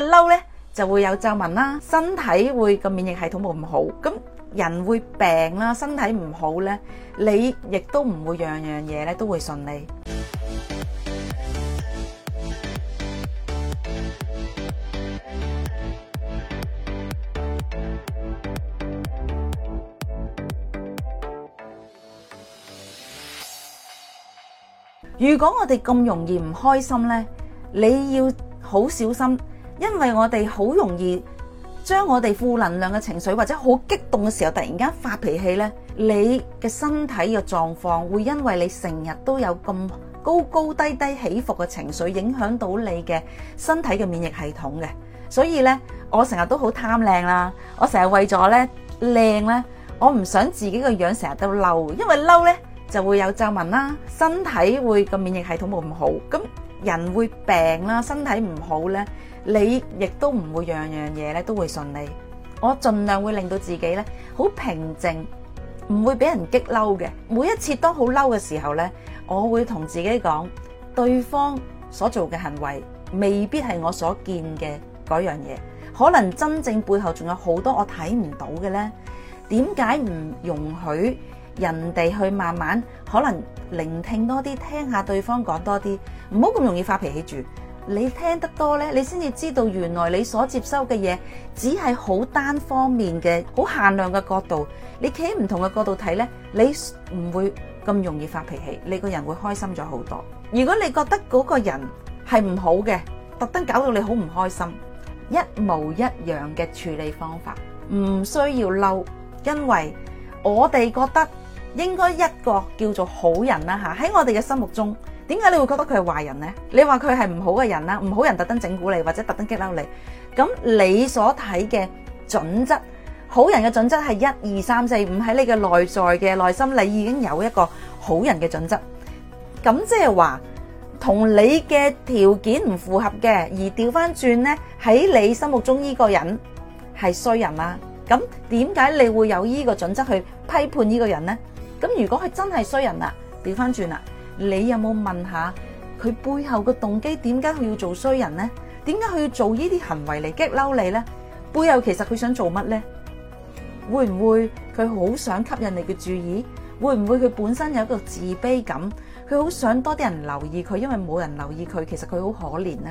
咪嬲咧，就會有皺紋啦，身體會個免疫系統冇咁好，咁人會病啦，身體唔好咧，你亦都唔會樣樣嘢咧都會順利。如果我哋咁容易唔開心咧，你要好小心。因為我哋好容易將我哋負能量嘅情緒，或者好激動嘅時候，突然間發脾氣呢，你嘅身體嘅狀況會因為你成日都有咁高高低低起伏嘅情緒，影響到你嘅身體嘅免疫系統嘅。所以呢，我成日都好貪靚啦，我成日為咗呢靚呢，我唔想自己個樣成日都嬲，因為嬲呢就會有皺紋啦，身體會個免疫系統冇唔好，咁人會病啦，身體唔好呢，你亦都唔會樣樣嘢咧都會順利，我盡量會令到自己咧好平靜，唔會俾人激嬲嘅。每一次當好嬲嘅時候咧，我會同自己講，對方所做嘅行為未必係我所見嘅嗰樣嘢，可能真正背後仲有好多我睇唔到嘅呢。點解唔容許人哋去慢慢可能聆聽多啲，聽下對方講多啲，唔好咁容易發脾氣住。你聽得多呢，你先至知道原來你所接收嘅嘢，只係好單方面嘅、好限量嘅角度。你企喺唔同嘅角度睇呢，你唔會咁容易發脾氣，你個人會開心咗好多。如果你覺得嗰個人係唔好嘅，特登搞到你好唔開心，一模一樣嘅處理方法，唔需要嬲，因為我哋覺得應該一個叫做好人啦嚇。喺我哋嘅心目中。點解你會覺得佢係壞人呢？你話佢係唔好嘅人啦，唔好人特登整蠱你或者特登激嬲你，咁你所睇嘅準則，好人嘅準則係一二三四五，喺你嘅內在嘅內心，你已經有一個好人嘅準則。咁即係話同你嘅條件唔符合嘅，而調翻轉呢，喺你心目中呢個人係衰人啦。咁點解你會有呢個準則去批判呢個人呢？咁如果佢真係衰人啦，調翻轉啦。你有冇問下佢背後嘅動機？點解佢要做衰人呢？點解佢要做呢啲行為嚟激嬲你呢？背後其實佢想做乜呢？會唔會佢好想吸引你嘅注意？會唔會佢本身有一個自卑感？佢好想多啲人留意佢，因為冇人留意佢，其實佢好可憐呢？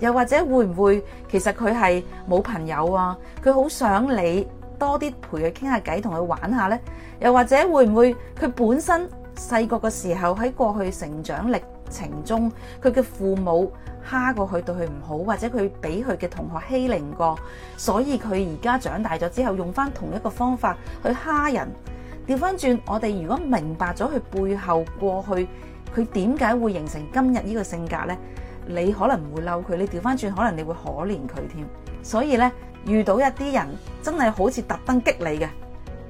又或者會唔會其實佢係冇朋友啊？佢好想你多啲陪佢傾下偈，同佢玩下呢？又或者會唔會佢本身？細個嘅時候喺過去成長歷程中，佢嘅父母蝦過佢，對佢唔好，或者佢俾佢嘅同學欺凌過，所以佢而家長大咗之後，用翻同一個方法去蝦人。調翻轉，我哋如果明白咗佢背後過去，佢點解會形成今日呢個性格呢？你可能唔會嬲佢，你調翻轉，可能你會可憐佢添。所以呢，遇到一啲人真係好似特登激你嘅。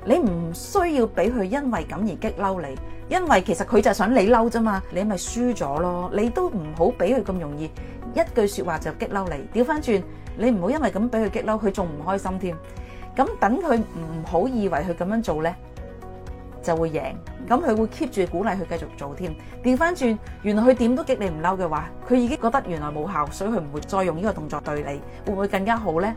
你唔需要俾佢因為咁而激嬲你，因為其實佢就係想你嬲啫嘛，你咪輸咗咯。你都唔好俾佢咁容易一句説話就激嬲你。調翻轉，你唔好因為咁俾佢激嬲，佢仲唔開心添。咁等佢唔好以為佢咁樣做呢，就會贏。咁佢會 keep 住鼓勵佢繼續做添。調翻轉，原來佢點都激你唔嬲嘅話，佢已經覺得原來冇效，所以佢唔會再用呢個動作對你。會唔會更加好呢？